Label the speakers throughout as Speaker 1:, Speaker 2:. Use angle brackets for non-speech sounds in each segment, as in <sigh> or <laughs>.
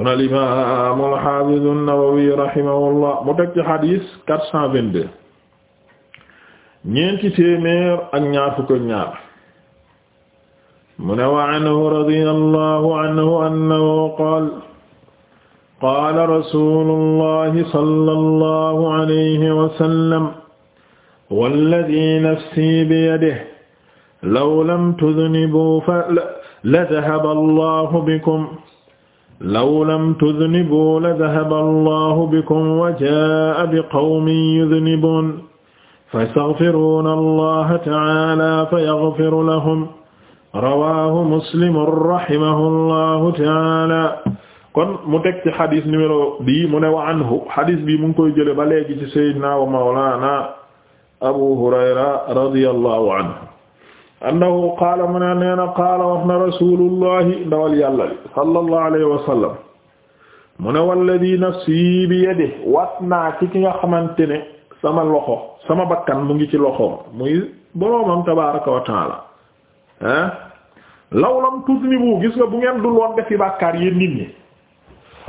Speaker 1: kon al imaam al haafiz an-Nawawi rahimahullah mu teg ci xadiis quatre cent vingt-deux ñeenti téeméer ak ñaar fukk ak ñaar mu ne wa anhu radiyallahu anhu annahu qaala qaala rasuulullahi sallallahu alayhi wa sallam walladii nafsii biyadihi law lam tudnibuu la dhahaba allahu bikum law lam tudnibu la dahaba allahu bikum wa jaa bi qawmin yudnibuun fayastaghfiruuna allaha ta'aala fayaghfiru lahum rawaahu muslimun rahimahu allahu ta'aala kon mu teg ci xadis numéro bii mu ne wa anhu xadis bii mu ngi koy jële ba léegi ci sayyidina wa mawlaana abu hurayra radiyallahu anhu annahu qaala mu ne nee na wax na rasulullahi ndawal yàlla li sallallahu alayhi wa sallam mu ne walladi nafsi bi yadihi waat naa ci ki nga xamante ne sama loxo sama bakkan mu ngi ci loxoom muy boroomam tabaaraka wa taala ah law lam tudnibu gis nga bu ngeen dul woon defi bàkkaar yéen nit ñi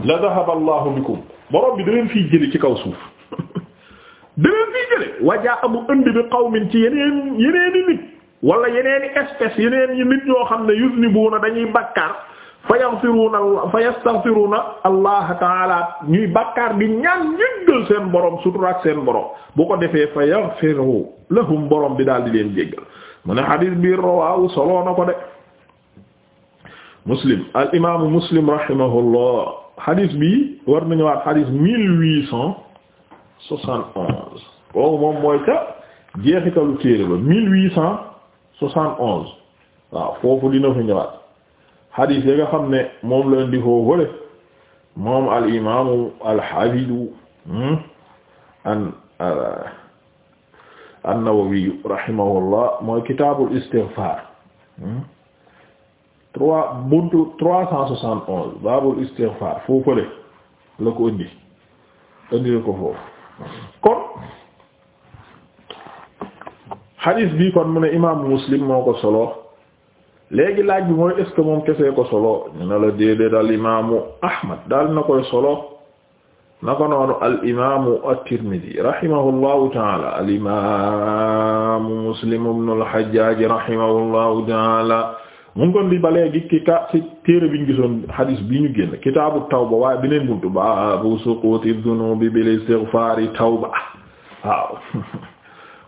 Speaker 1: la dahaba allahu bikum borom bi da leen jëli ci kaw suuf <laughs> da leen jëli wajaa amu indi bi qawmin ci yeneen yeneeni nit wala yeneen i yeneen yi nit yoo xam ne yuznibuuna dañuy bakkaar fa yaghfiruuna fa yastaghfiruuna allah taala ñuy bakkaar di ñaan jéggal seen borom sutura ak seen borom bu ko defee fa yaghfiru lahum borom bi daal di leen jéggal mu ne xadiis bi rawaahu solo na ko de muslim al imaamu muslim rahimahullah xadiis bi war nañu waat xadiis mille huit cent soixante onze boobu moom mooy ca jeexitalu téere ba mille huit cent soixante onze foofu dina fi ñëwaat hadith yi nga xam ne moom la indi foofu le moom al imaamu al hafidu hmm, an uh, an-Nawawi mooy kitaabul istighfar hmm. trois trois cent soixante onze baabul istighfar foofu le la ko indi indi ko foofu kon xadis bi kon mu ne imaamu muslim moo ko solo léegi laaj bi mooy est moom kesee ko solo ñu ne la déedéet al imaamu ahmad daal na koy solo na ko noonu al imaamu at-tirmidhi rahimahullahu taala al imaamu muslim ibnu al hajjaaj rahimahullahu taala mu ngi kon di ba léegi ki ka ci téere bi ñu gisoon xadis bi ñu génn kitaabu tawba waaye beneen buntu baabu suquuti dunuubi bil istighfaari tawba waaw <laughs>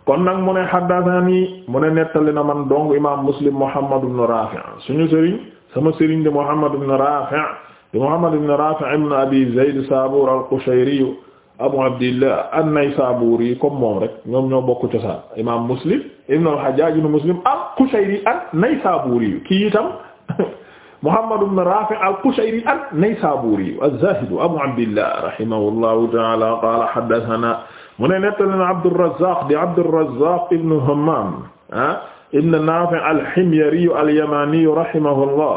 Speaker 1: kon nag mu ne haddathani mu ne nettali na man dong imaam muslim muhammad ibn rafi' suñu sëriñ sama sëriñ de muhammad ibn rafi' de muhammad ibn rafi' ibn abi zayd sabur al-qushayri abu abdillah an-naysaburi comme moom rek ñoom ñoo bokk cosaan imaam muslim ibn al-hajjaj ibn muslim al-qushayri an-naysaburi kii itam <laughs> muhammad ibn rafi' al-qushayri an-naysaburi az-zahid abu abdillah rahimahullahu ta'ala qala haddathana mu ne nettali na Abdurrazzaq di Abdurrazzaq ibn Hammam ah ibn Nafi' al-Himyari al-Yamani rahimahullah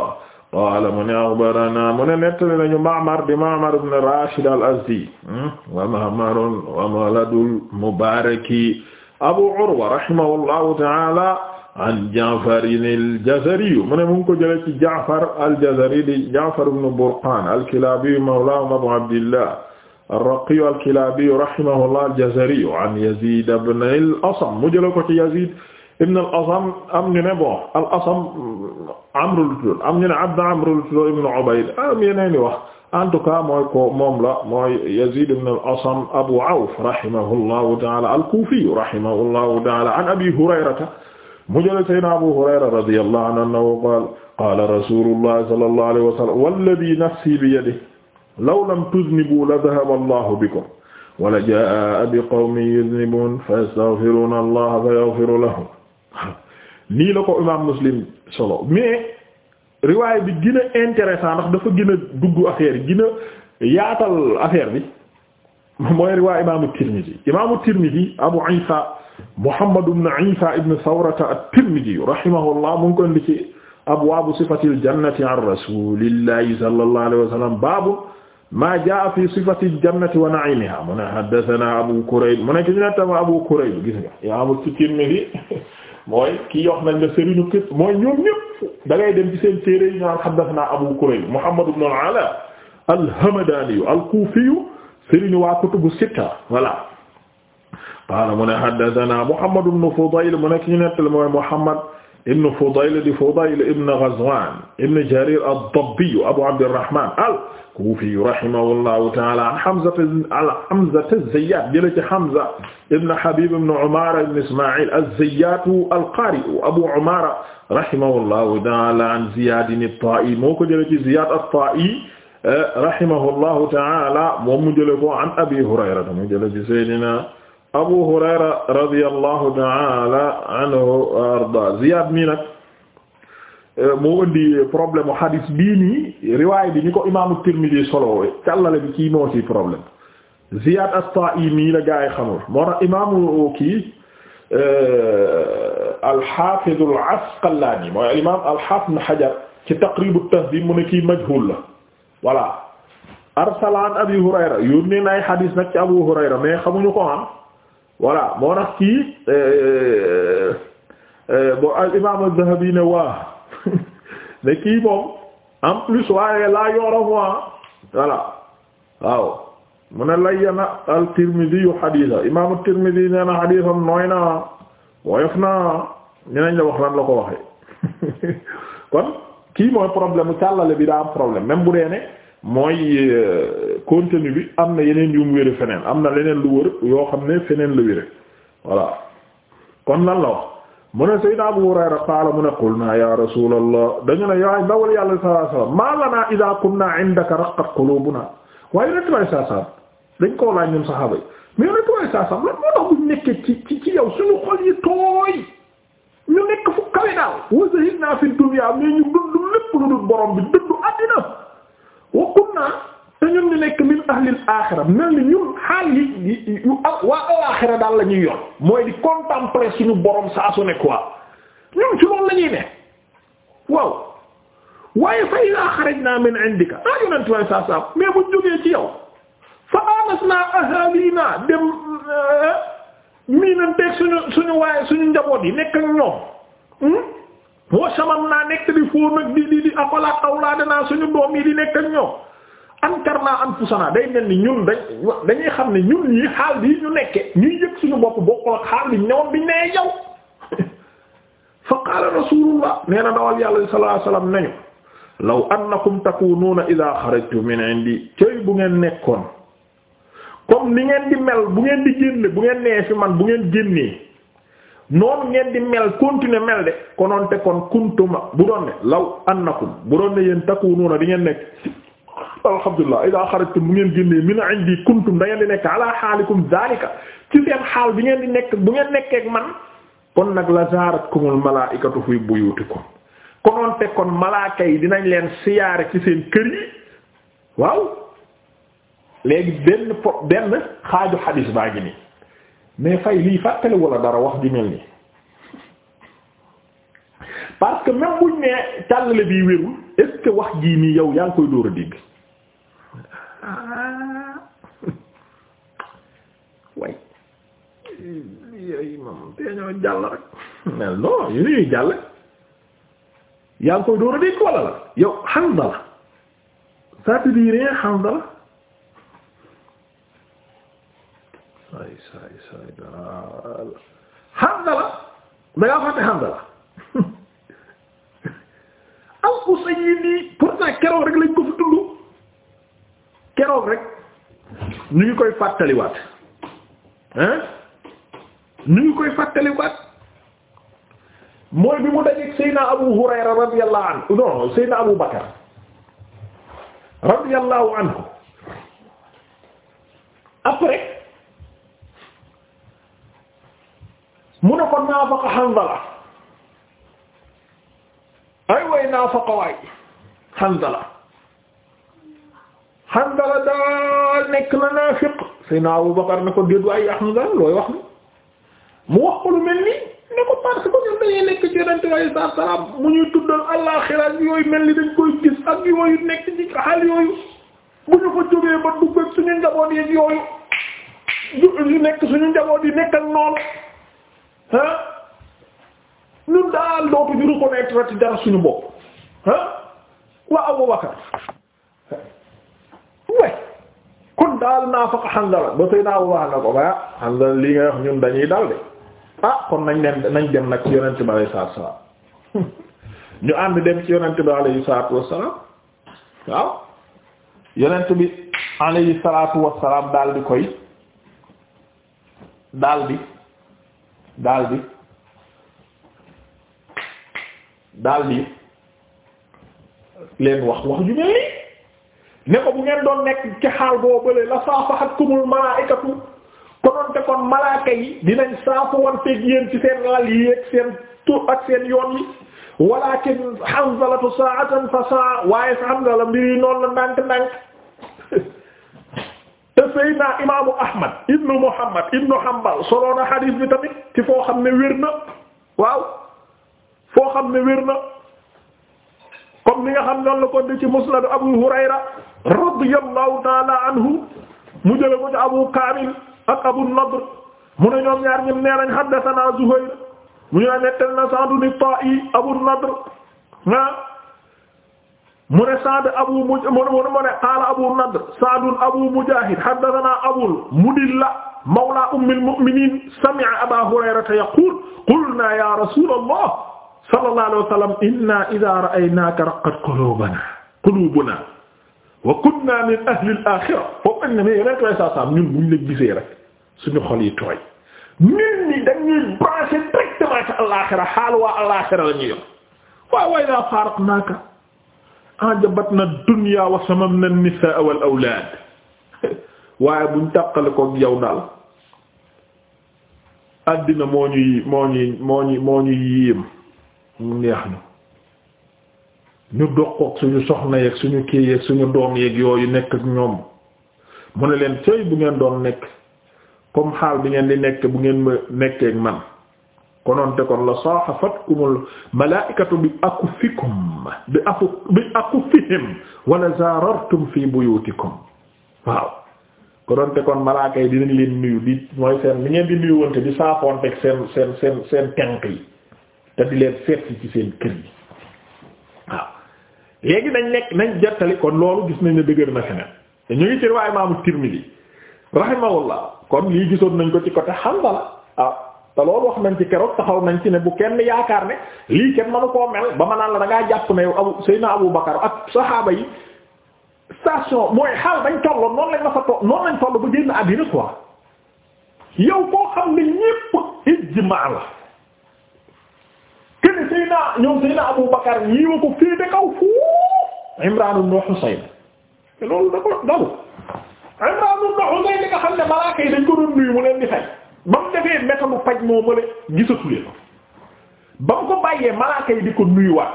Speaker 1: qaala mu ne axbarana mu ne nettali nañu Ma'mar di Ma'mar ibn Rashid al-Azdi hmm, wa Ma'mar wa maladul Mubaraki Abu Urwa rahimahullahu ta'ala an Ja'far al-Jazari mu ne mu ngi ko jëlee ci Ja'far al-Jazari di Ja'far ibn Burqan al-Kilabi mawlahum Abu Abdillah ar-Raqiyu al-Kilaabiyu rahimahullah al-Jazariyu an Yazid ibn al-Asam mu jëla ko ci Yazid ibn al-Asam am ñu ne bon al-Asam Amr lu tudd am ñu ne Abd Amr lu tudd ibn Ubayd am yeneen i wax en tout cas mooy ko moom la mooy Yazid ibn al-Asam Abu Awf rahimahullahu ta'ala al-Kufiyu rahimahullahu ta'ala an Abi Hurayrata mu jëla Sayyidina Abu Hurayra radiyallahu anhu qaala qaala rasuulullahi sallallahu alayhi wa sallam walladhi nafsi biyadihi law lam tuznibu la dhahaba allahu bikum wala jaa bi qawmin yuznibun fa yastaghfiruna allah fa yaghfiru lahum nii la ko imaam muslim solo mais riwaay bi gën a intéressant ndax dafa gën a dugg affaire yi gën a yaatal affaire bi mooy riwaay imaamu tirmidi imaamu tirmidi abu isa muhammad ibn isa ibn sawrata at-tirmidi rahimahullah mu ngi koy indi ci abwaabu sifatil jannati an rasulillahi sallallahu alayhi wa sallam baabu maa jaa fi sifati jannati wa na'imiha mu ne haddathana Abu Kurayb mu ne ki ñu nettama Abu Kurayb gis nga yaamul ci Tirmidhi <laughs> mooy kii wax nañ la sëriñu kës mooy ñoom ñëpp da ngay dem ci seen téere yi ñu naan haddathana Abu Kurayb Muhammad ibn al-Ala al-Hamdani al-Kufi sëriñu waa kutubu sitta voilà qaala mu ne haddathana Muhammad ibn Fudayl mu ne ki ñu nettali mooy Muhammad ibn Fudayl di Fudayl ibn Ghazwan ibn Jarir ad-Dabbi Abu Abd al-Rahman al kufi rahimahullahu taala an Hamza Hamza az-Zayyat jële ci Hamza ibn Habib ibn Umara ibn Isma'il az-Zayyat al-Qari Abu Umara rahimahullahu taala an Ziyad at-Ta'i moo ko jële ci Ziyad at-Ta'i rahimahullahu taala moom mu jële ko an Abi Hurayra mu jële ci Seydina Abu Hurayra radiyallahu taala anhu arda Ziyad mi nag Euh, moo indi problème u hadis bii nii riwaay bi ni ko imaamu Tirmidhi solowee càllale bi kii moo ci problème Ziyad as-Ta'imi la gaa yi moo tax imaamu euh, kii euh, al-Hafiz al-Asqalani mooy al-imaam al-Hafiz Taqrib at-Tahdhib mu ne kii majhul la voilà arsala an Abi Hurayra yónnee na ay Abu Hurayra mais xamuñu ko ah voilà moo tax kii al-imaam az-Zahabi ne ne kii moom en plus waaye laa yorofu ah voilà waaw mu ne layyana al-Tirmidhi yu xadiisa imaam at-Tirmidhi nee na xadiisam nooy na woyof na ñeneen la wax lan la ko waxee <laughs> kon kii mooy problème mu càllale bi daa problème même bu dee ne mooy euh, contenu bi am na yeneen yu mu wére feneen am na leneen lu wër yoo xam ne feneen la wére voilà kon lan la wax. mu ne Seydina Abu Hurayra qaala mu ne qulnaa yaa rasuulallah dañu ne yaa ndawal yàlla sallallahu alayhi wasallam maa lanaa idaa kunnaa indaka raqqat quluubunaa waaye yonent bi saa saam dañ koo laaj ñun saxaaba yi mais yonent bi saa saam lan moo tax bu nekkee ci ci yow suñu xol yi tooy ñu nekk fu kawe daal wa zahidnaa fi dunyaa mais ñu dund lépp lu dul borom bi dund àddina wa kunnaa te ñun nekk min ahlil aaxira mel ni ñun xaal yi yu waa alaaxira daal la ñuy yor mooy di contempler suñu borom saa su ne quoi ñun ci loolu la ñuy ne waaw waaye fa idaa xarajnaa min indika ah yonent waaye saa saa mais bu jógee ci yow fa aanasnaa ahaaliinaa dem euh, miinanteeg suñu suñu waaye suñu njaboot yi nekk ak ñoom. Hmm? wa shamamnaa nekk di fóon ak di di di akolaat awlaadanaa suñu doom yi di nekk ak ñoom. ankarna anfusana day mel ni ñun dañ dañuy xam ne ñun ñii xaal bi ñu nekke ñuy yëg suñu bopp bokkul ak xaal bi ñëwoon bi nee yow <laughs> fa qaala nee na dawal yàlla sallallahu alayhi wasallam nañu law annakum takunuuna ida xarajtu min indi cëy bu ngeen nekkoon comme li ngeen di mel bu ngeen di génne bu ngeen nee fi man bu ngeen génnee noonu ngeen di mel continuer mel de konoon te kon kuntuma bu doon ne law annakum bu doon ne yéen takunuuna di ngeen nekk alhamdulilah ida xarajtum bu ngeen génnee min indi kuntum da ngeen di nekk ala xaalikum zalika ci seen xaal bi ngeen di nekk bu ngeen nekkee ak man kon nag la zaaratkumul malaa'ikatu fi buyutikum konoon te kon malaaka yi dinañ leen siyaare ci seen kër yi waaw léegi benn po benn xaaju xadiis baa ngi nii mais fay lii fàttali walla dara wax di mel nii parce que même buñ nee tàllale bii wérul est wax jii nii yow yaa ngi koy dóor a dégg Ah. way yooyu moom tee ñoo jàll rek mais non yu ñuy jàll yaa ngi koy dóor a dégg wala yow Hanzala ça te dit rien Hanzala saay saay saay daal Hanzala da ngaa fàtte Hanzala <laughs> al Usayni pourtant keroog rek keroog rek ñu ngi koy fàttaliwaat hein ñu koy fàttaliwaat mooy bi mu dajeek Seydina Abu Hurayra radiyallahu anhu non Seydina Abu Bakar radiyallahu anhu après mu ne ko naafaqa Hanzala ay way naafaqa waay Hanzala Hanzala daal nekk na naafiq na Abu Bakar ne ko déet waaye Hanzala looy wax ni mu wax ko lu mel nii ne ko parce que ñun dañuy nekk ci yonent bi alayhi salaam mu ñuy tuddal àllaaxira yooyu mel ni dañ koy gis ak yooyu nekk ci xaal yooyu bu ñu ko jógee ba dugg ak suñu njaboot yi nekk noonu ah ñun daal dootuñu reconnaître dara suñu bopp ah waa Abu Bakar daal naa faq Hanzala ba sëy naa wax na ko ba Hanzala li nga wax ñun dañuy dal de ah kon nañ dem nañ dem nag ci yonent bi alayhi salaatu wa salaam <laughs> ñu ànd dem ci yonent bi alayhi salaatu wa daal di koy daal di daal di daal di leen wax wax ju mel ne ko bu ngeen doon nekk ci xaal boo bële la saafahatkumul malaa'ikatu konoon te kon malaaka yi dinañ saafu wanteeg yéen ci seen lal yi ak seen tur ak seen yoon yi walakin Hanzalatu saa'atan fa saa waaye Hanzala mbir yi noonu la ndànk-ndànk <laughs> te Seydina imaamu Ahmad ibnu Muhammad ibnu Hanbal soloona xadiis bi tamit ci foo xam ne wér na waaw foo xam ne wér na. comme li nga xam noonu la ko di ci musnad Abu Hurayra radiyallahu ta'ala anhu mu jële ko ci Abu Kamil ak Abu Nadr mu ne ñoom ñaar ñim nee nañ haddathana Zuhayr mu ñu nettal na Sa'd ibn Ta'i Abu Nadr ah mu ne Sa'd abu mu ne qaala Abu Nadr Sa'd Abu Mujahid haddathana Abu Mudilla mawla ummil mu'minin sami'a Aba Hurayrata yaqul qulna ya rasulullah sallallahu alayhi wa sallam inna idha ra'aynaaka raqqat qulubuna qulubuna wa kunna min ahli al-akhirah foofu nag ne mais yeneen trois cent cent ñun buñ la gisee rek suñu xol yi tooy ñun ñi dañuy branché directement ca al-akhirah xaal waa al-akhirah la ñuy yor waaw wa idha faraqnaaka ajabatna ah, ad-dunya wa samamna an-nisaa wal awlaad <laughs> waaye buñ tàqale ko yow daal àddina moo ñuy moo ñuy moo ñuy moo ñuy yéem neex na ñu doqoog suñu soxna yeeg suñu kii suñu doom yeeg yooyu nekk ak ñoom mu ne leen cëy bu ngeen doon nekk comme xaal bi ngeen di nekk bu ngeen ma nekkee ak man konoonte kon la sahafatkumul malaikatu bi akufikum bi aku bi akufihim wala zarartum fi buyutikum waaw konoonte kon malaaka yi dinañ leen nuyu di mooy seen li ngeen di nuyu wante di saafoonteeg seen seen seen seen tenk yi te di leen seet ci seen kër yi waaw léegi nañ nekk nañ jottali kon loolu gis nañ ne dëgër na feneen te ñu ngi ci riwaay Imaamu Tirmidi rahimahullah kon lii gisoon nañ ko ci côté Hanzala ah te loolu wax nañ ci keroog taxaw nañ ci ne bu kenn yaakaar ne lii kenn manu koo mel ba ma naan la da ngaa jàpp ne yow Abu Seydina Abu Bakar ak saxaaba yi station mooy xaal bañ tolloon noonu lañ ma fa to noonu lañ toll ba génn àddina quoi yow koo xam ne ñépp kene Seydina ñoom Seydina Abu Bakar yiiwa ko féete kaw foof Imran ibn Husayn te da ko dalu Imran ibn Husayn li nga xam ne malaaka yi dañ ko doon nuyu mu leen di fay ba mu defee métalu paj moo ma le gisatuleen ba mu ko bàyyee malaaka yi di ko nuyuwaat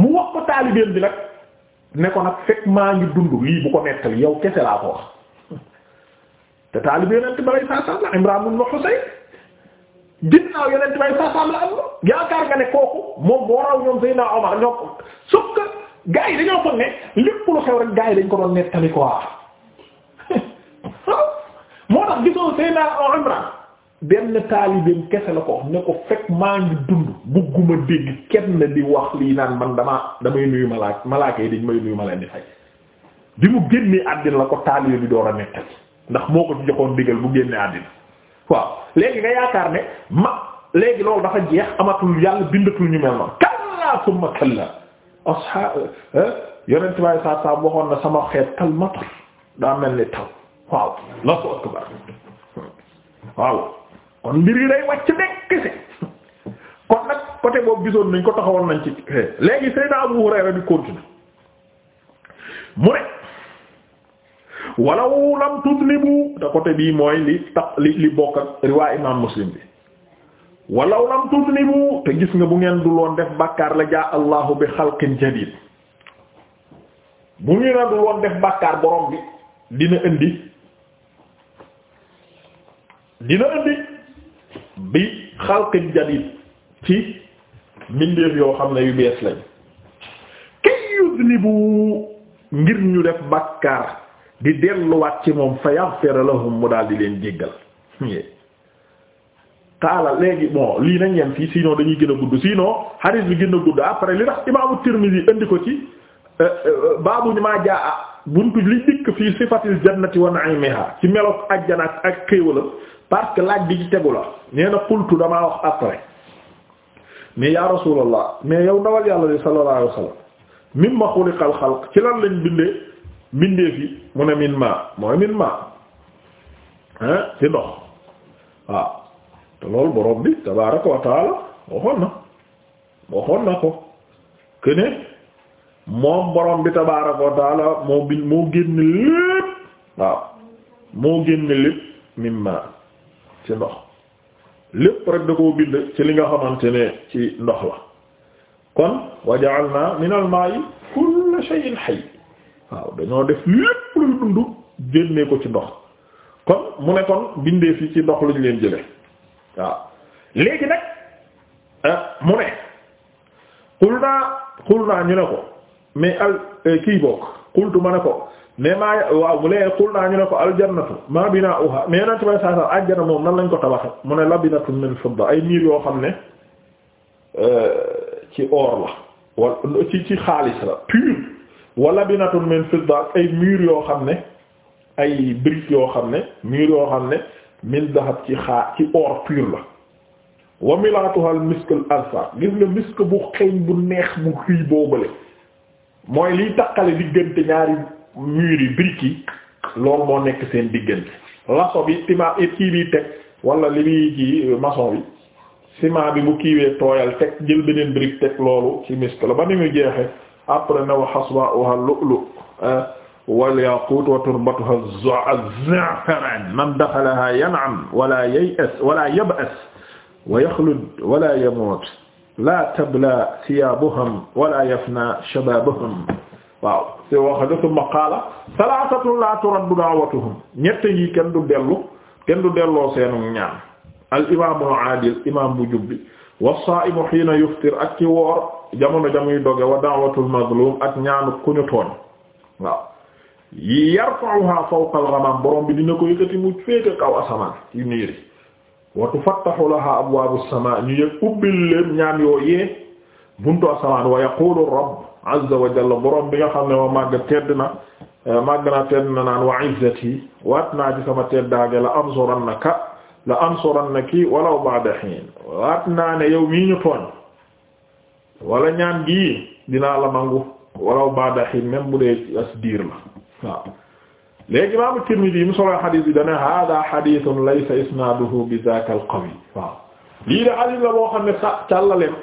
Speaker 1: mu wax ko taalibeen bi nag ne ko nag fekk maa ngi dund lii bu ko nettali yow kese laa ko wax te taalibeen yonent bi sallallahu alayhi wasallam Imran ibn Husayn ginnaaw yonent bi sallallahu alayhi wasallam yaakaar nga ne kooku moom moo raw ñoom Seydina Omar ñoo ko sukk gaa yi dañoo foog ne lépp lu xew rek gaa dañ ko doon nettali quoi <laughs> moo tax gisoo Seydina Omar benn taalibeem kese la ko ne ko fekk maa ngi dund bugguma dégg kenn di wax lii naan man dama damay nuyu malaak malaaka yi dañ may nuyu ma leen di fay bi mu génnee àddina la ko taalibe bi door a nettali ndax moo ko ci joxoon digal bu génnee àddina waaw léegi nga yaakaar ne ma léegi loolu dafa jeex amatul yàlla bindatul ñu mel noonu kallaa summa kallaa eh, eh, yonent baay saa saa waxoon na sama xeet kal daa mel ni taw waaw la ko akbar waaw kon mbir yi day nekk si kon nag côté boobu gisoon nañ ko taxawoon nañ ci léegi Seydina Abu Hurayra di continuer mu ne walaw lam tudnibu te côté bii mooy li tax li li bokk ak riwaa imaam Muslim bi walaw lam tudnimu te gis nga bu ngeen du loon def bàkkaar la jaa allahu bi xalqin jadid bu ngeen a du loon def bàkkaar borom bi dina indi dina indi bi xalqin jadid ci mbindeef yoo xam ne yu bees lañ kay yuznibu ngir ñu def bàkkaar di delluwaat ci moom fa yaghfir lahum mu daal di leen jéggal taala léegi moo lii nañ yem fii sinon dañuy gën a gudd sinon hadith bi gën a gudd après li tax imaamu Tirmidhi indi ko ci euh, euh, baabu maa jaa buntu li dikk fii sifatil jannati wa na'imiha ci ak ajjana ak xéewala parce que laaj bi ci tegu la nee na qultu damaa wax après mais ya rasulallah mais yow ndawal yàlla li sallallahu alayhi wasallam mimma xuliqal xalq ci lan lañ bindee bindee fi mu ne min ma mooy min ma ah ci ndox waaw loolu borom bi tabaaraka wa taala na waxoon na ko que ne moom borom bi tabaaraka wa moo bind moo génn lépp waaw moo génn lépp mimma ci ndox lépp rek da koo bind ci li nga xamante ne ci ndox la kon wa ja'alna min al-ma'i kulla shay'in waaw dañoo def lépp lu dund génnee ko ci ndox kon mu ne kon bindee fi ci ndox lañu leen jële waaw léegi nag ah, mu ne xul naa xul naa ñu ne ko mais al eh, kii bokk xultu ma ne ko mais maa waaw bu lee xul naa ñu ne ko aljannatu maa binaa uha mais yonent bay saa saa ajjana moom nan lañ ko tabaxe mu ne labinatun min fidda ay miir yoo xam ne eh, ci or ci ci xaalis la ay miir yoo xam ne ay briques yoo xam ne miir yoo xam ne min dahab ci xaa ci or pur la wa milaatuha misk al gis nga misk bu xeeñ bu neex bu xiy boobale mooy liy taqale diggante ñaari mur yi yi loolu moo nekk seen diggante laso bi tima kii biy teg wala li muy ci euh, maçon bi ciment bi bu kiiwee tooyal teg jël beneen brique teg loolu ci misk la ba ni mu jeexe après na wa hasba'uha lu'lu wal yaqut wa turbatuha az-za'faran man daxalaha yan'am wala yay'as wala yab'as wa yaxlud wala yamut la tabla thiyaabuhum wala yafna shababuhum waaw te wax nga summa qaala thalathatun la turaddu da'watuhum ñett yi kenn du dellu kenn du delloo seenu ñaan al imaamul aadil imaam bu jubbi was-saa'imu hiina yuftir ak ci woor jamono jamuy doge wa da'watul mazlum ak ñaanu ku ñu tooñ waaw yarfa'uha fawqa al borom bi dina ko yëkkati mu féete kaw asamaan ci niir yi wa laha abwaabu samaa ñu yëg ubbil leen ñaan yooyee buntu asamaan wa yaqulu rabb azza wa borom bi nga xam ne wa màgg tedd na eh, màgg na tedd naan wa izzati waat naa ci sama teddaage la ansurannaka la ansurannaki walaw ba'da hiin waat naa yow mii ñu tooñ wala ñaan gii dinaa la mangu walaw ba'da hiin même bu dee as waaw léegi imaamu Tirmidi yi mu solo xadiis bi dana hada xadiisun laysa isnaaduhu bi zaaka al-qawi waaw lii de xadiis la boo xam ne sa càllaleem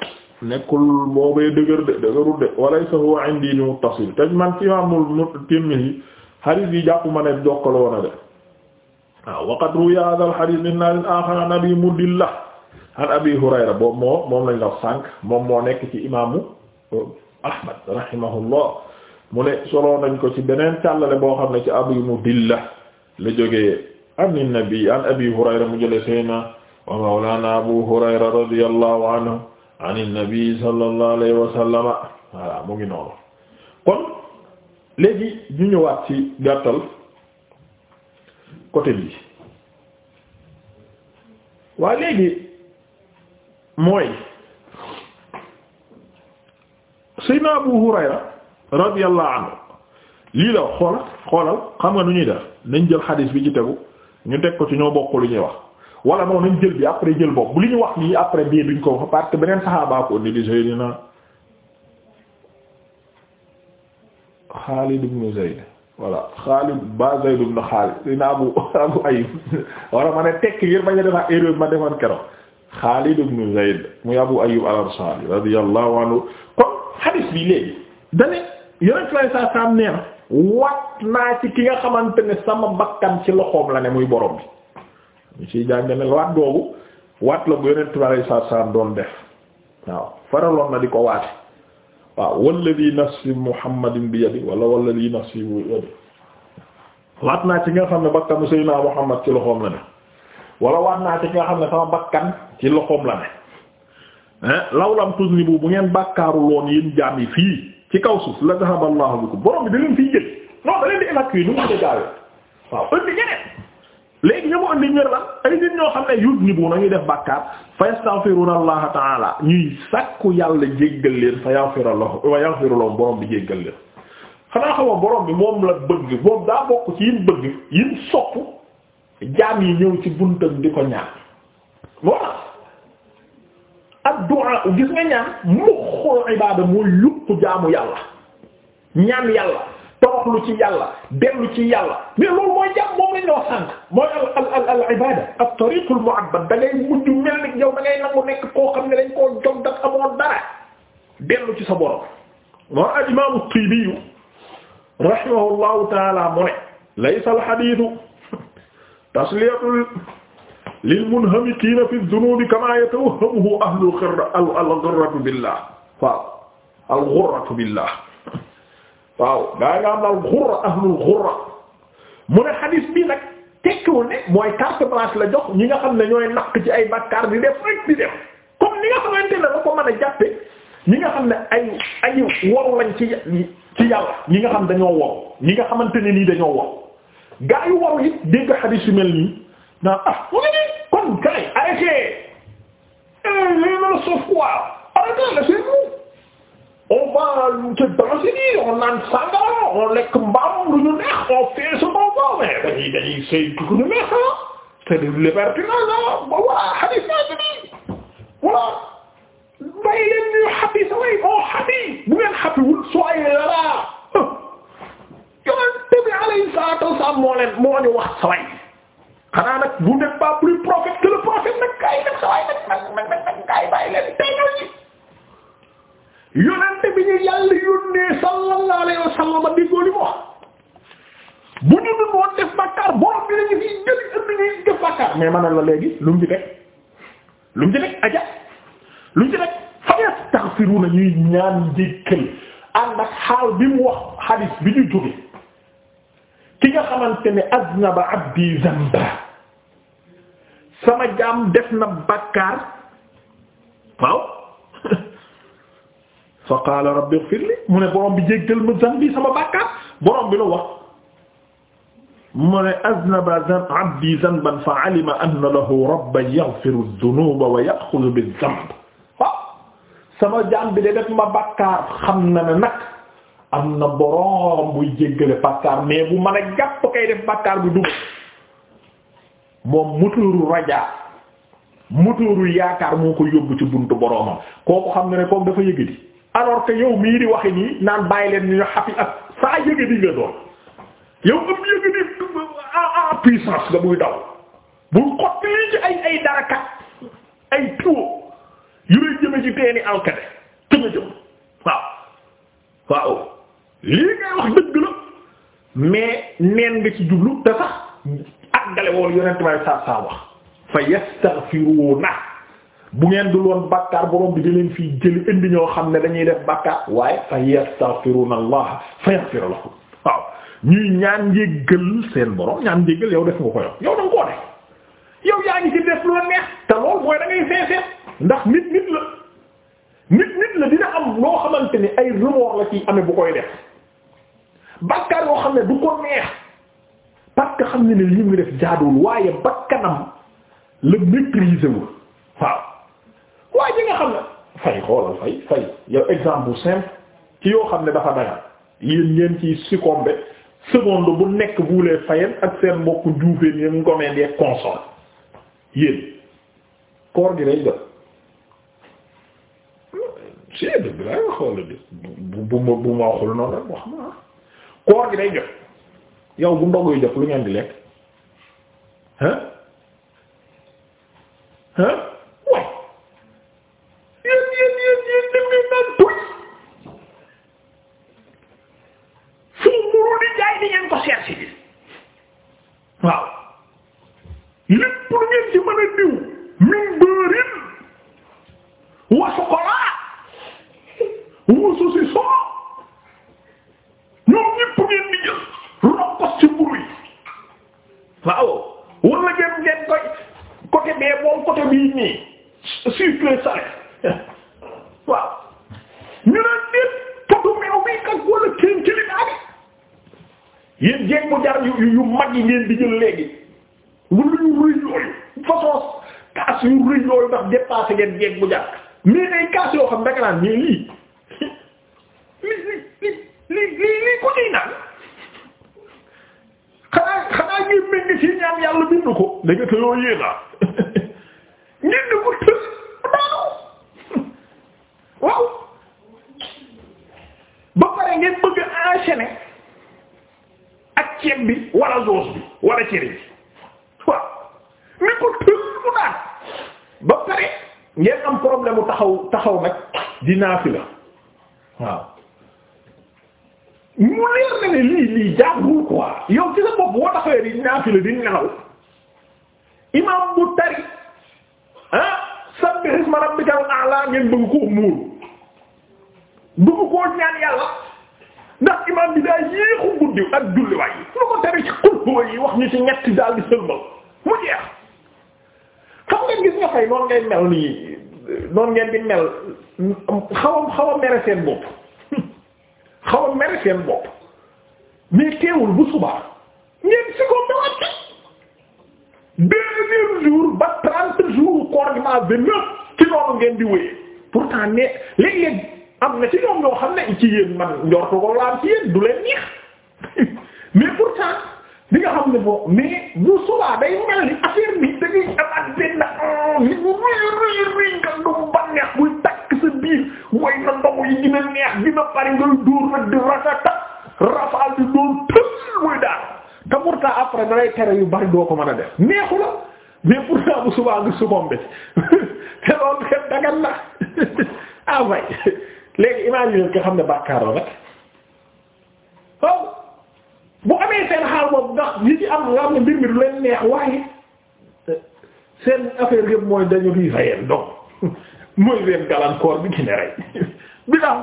Speaker 1: nekkul boobee dëgër de dëgërul de wa laysa huwa indi bi muttasil te man ci imaamu Tirmidi xadiis yi jàpp ma ne jokkaloo na de waaw wa qad ruwiya hada al-xadiis min narin axar an abi mudillah an abi hurayra boobu moo moom lañ la sànq moom moo nekk ci imaamu ahmad rahimahullah mu ne soloo nañ ko ci beneen tàllale boo xam ne ci abu mudilla la jógee an nabi an abi hurayra mu jële sayna wa mawlana abu hurayra radiyallahu anhu an mu ngi noonu kon léegi ñu ñëwaat ci gàttal côté bi waa léegi mooy sayna abu hurayra radiyallahu anhu lii la xoolal xoolal xam nga nu ñuy def nañ jël xadiis bi ci tegu ñu teg ko ci ñoo bokk lu ñuy wax wala noonu nañ jël bi après jël bokk bu li ñuy wax nii après bii duñ ko wax parce que beneen saxaaba ko indi di Seydina Xaalid ibn Zayd voilà Xaalid ba Zayd ibn Xaalid dina Abu <laughs> Abu Ayyub ma ne tekk ngir bañ a defaat erreur ma defoon keroog Xaalid ibn Zayd muy Abu Ayyub al-Ansaari anhu kon xadiis bi léegi dane yeneen ci lay saa saa am naa ci ki nga xamante ne sama bakkan ci loxoom la ne muy borom bi ñu ciy jànge ne waat googu waat la bu yeneen ci lay saa doon def waaw faraloon na di ko waate waaw walladi nafsi muhammadin bi yadi wala walladi nafsi bi yadi waat naa ci nga xam ne bakkanu mu muhammad ci loxoom la ne wala waat naa ci nga xam ne sama bakkan ci loxoom la ne eh, lawlam tuznibu bu ngeen bàkkaaruloon yéen jaam yi fii ci kaw suuf la zahaba allahu bikum borom bi da leen jël non da leen di évacuer ñu mu ko gaawee waaw indi ñeneen léegi ña mu indi ñër lan ay nit ñoo xam ne yudnibuna ñuy def bàkkaar fa yastaghfiruna allaha ta'ala ñuy sàkku yàlla jéggal leen fa yaghfiru lahu wa borom bi jéggal leen xanaa xamoo borom bi moom la bëgg moom daa bokk ci yim bëgg yim sopp jaam yi ñëw ci buntam di ko ñaan moo tax addu'a gis nga ñaan muxul ibaada mooy yóbbu jaamu yàlla ñaan yàlla toroxlu ci yàlla dellu ci yàlla mais loolu mooy jàmm moom lañ ñoo sànq mooy al al al ibaada at-tariqul mu'abbad da ngay mujj mel ni yow da ngay nangu nekk koo xam ne dañ koo jog dak amoon dara dellu ci sa borom moo al imam at-Tibi rahimahullahu ta'ala mu ne laysa al hadith <laughs> tasliyatul lil munhamikiina fi dunuubi kamaa yatawahhamuhu ahlul ghurra al-ghurratu billah waaw al-ghurratu billah waaw daa nga al-ghurra ahlul ghurra mu ne xadis bii nag tekkiwul ne mooy carte blanche la jox ñi nga xam ne ñooy naq ci ay bakkaar di def rek di def comme ni nga xamante ne la ko mën a jàppe ñi nga xam ne ay ay waru lañ ci ci yàlla ñi nga xam dañoo waru ñi nga xamante ni nii dañoo waru gaa yu waru it dégg xadis yu mel nii naan ah mu ngi kay arrêtez lii na la soof quoi arrêtez laissez-nous on va te danser on naan sangara on lekk mbaam lu ñu neex on fait ce qu'on veut mais dañuy dañuy sëy ku ñu neex c'est du libertinage ah bi voilà bàyyi leen ñu happy sa on happy wul soyez là yonent bi alayhi salaatu wa salaam moo leen wax sa xanaa nag vous n'êtes pas plus prophète que le prophète nag kaay nag sa waay nag nag nag nag kaay bàyyi leen tey ñëw ci yonente bi ñu yàlla yónnee sallallahu alayhi wa sallam déggoo li mu wax bu ñu dund woon def bàkkaar borom bi lañu fi jëli ëndi ñuy def bàkkaar mais mënal la léegi lu mu ci teg lu mu ci teg aja lu mu ci teg fa yastaghfiruna ñuy ñaan jéggal ànd ak xaal bi mu wax hadith bi ñu jóge ki nga xamante ne aznaba abdi zamba sama jaam def na bakkaar waaw <laughs> fa qaala rabbi ighfirli mu ne borom bi jéggal ma zambi sama bakkaar borom bi la wax mu ne aznaba abdi zanban fa alima anna lahu rabban yaghfiru dhunuba wa ya'khudhu bi dhanb waaw sama jaam bi de def ma bakkaar xam na ne nag am na boroom buy jéggale bàkkaar mais bu mën a jàpp kay def bàkkaar bi dugg moom motooru rajaa motooru yaakaar moo ko yóbbu ci buntu boroomam kooku xam nga ne kooku dafa yëgadi alors que yow mii di waxe nii naan bàyyi leen ñu xafi ak saa yëgadi nga doon yow am yëgadi ah ah puissance nga ci ay ay darakat ay tuwo ci teeni alkade te nga jëm waaw lii ngay wax dëgg la mais neen nga ci jublu te sax àggale woon yonent may saa saa wax fa yastaghfiruna bu ngeen dul woon bàkkaar borom bi di leen fii jëli indi ñoo xam ne dañuy def bàkkaar waaye fa yastaghfiruna allah fa yaghfir lahum waaw ñuy ñaan njéggal seen borom ñaan njéggal yow def nga ko yow yow danga koo def yow yaa ngi ci def lu neex te lool mooy da ngay ndax nit nit la nit nit la dina am loo xamante ni ay remords la ci ame bu koy def bàkkaar yoo xam ne du ko neex parce xam ne ne li mu def jaaduwul waaye bakkanam la maîtriser waaw waaye ji xam ne fay xoolal fay fay yow exemple bu simple ci yoo xam ne dafa daga yéen ngeen ci succomber seconde bu nekk buulee fayal ak seen mbokk juufeen yam ngomeen yeeg console yéen koor gi day jot si dëgg laa xoolal bu bu ma bu ma waxul noonu rek wax ma koor gi day jot yow bu ndoguy jot lu ngeen di lekk hein hein waaye yéen yéen yéen yéen dem ngeen naan tuuti fu muru di jaay di ngeen ko seet si waaw lépp lu ngeen ci mën a diw min bërin wasu ko laa waaw war na jëm ngeen koy côté bee moom côté bii nii sucré salé <laughs> waaw ñu ne nit potu meew bi ak wala kéen cili daani yéen jéeg mu jar yu yu mag yi ngeen di jël léegi wala yu rëy yooyu façon kaas yu rëy yooyu ndax dépassé ngeen jéeg mu jar mais day kaas yoo xam danga naan mais lii li li li li lii ko ciy naan xanaa xanaa ñuy méngi ci ñaan yàlla bind ko danga te yoo yéena ngeen di mu tëdd daanu waaw ba pare ngeen bëgg enchaîner ak ceeb bi wala zoos bi wala cere bi waaw ni ko mu daan ba pare ngeen am problème taxaw taxaw nag di naafila waaw mu leer na ne lii lii jàngul quoi yow ci sa bopp boo taxawee di naafila di nelaw imaam bu tari ah sabbi hisma rabbikal a'la ngeen bëgg koo muur bëgg koo ñaan yàlla ndax imaam bi daa yéexu guddi ak julliwaay yi lu ko tari ci xulxuwa yi wax ñu ci ñetti daal di sëlmal mu jeex xam nga gis nga fay noonu ngay mel nii noonu ngeen di mel xawam xawam mere seen bopp xaw a mere seen bopp mais teewul bu subaa ngeen si ko doon deuxième jour ba trente jours koor gi ma vingt ci noonu ngeen di wéyee pourtant ne léeg am na ci ñoom ñoo xam ne ci yéen man njortu ko la am ci yéen du leen neex <laughs> mais pourtant. li nga xam ne boo mais bu subaa day mel ni affaire bi da ngay amaat benn nit mu wéy wéy wéy nga ndogu ba neex buy takk sa biir way na ndogu yi dina neex dina bari ngay dóor nag di ratata rafaal di dóor tël muy daal te pourtant après da tere yu bari doo ko mën a def neexu la mais pourtant bu subaa nga sukombe <laughs> te loolu kenn dagan na <laughs> ah way léegi imagine nga xam ne bàkkaar la bu amee seen xaal boobu ndax yi ci am nga xam ne mbir mi leen neex waaye seen affaire yëpp mooy dañu fi fayeen donc <laughs> mooy seen galankoor bi <laughs> <laughs> ci bi daa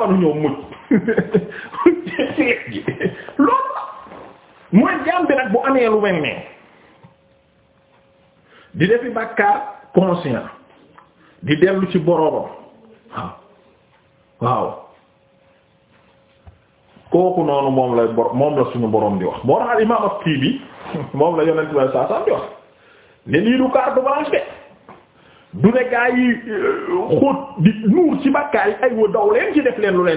Speaker 1: mooy jaam bi nag bu amee lu mel ne di defi bàkkaar conscient di dellu ci boroomam waaw kooku noonu moom lay moom la suñu borom di wax moo tax imam at-Tibi <laughs> moom la yonent bi saa saa di wax ne lii du carte blanche de du ne gaa yi euh, di nuur ci bàkkaar ay wa daw leen ci def leen lu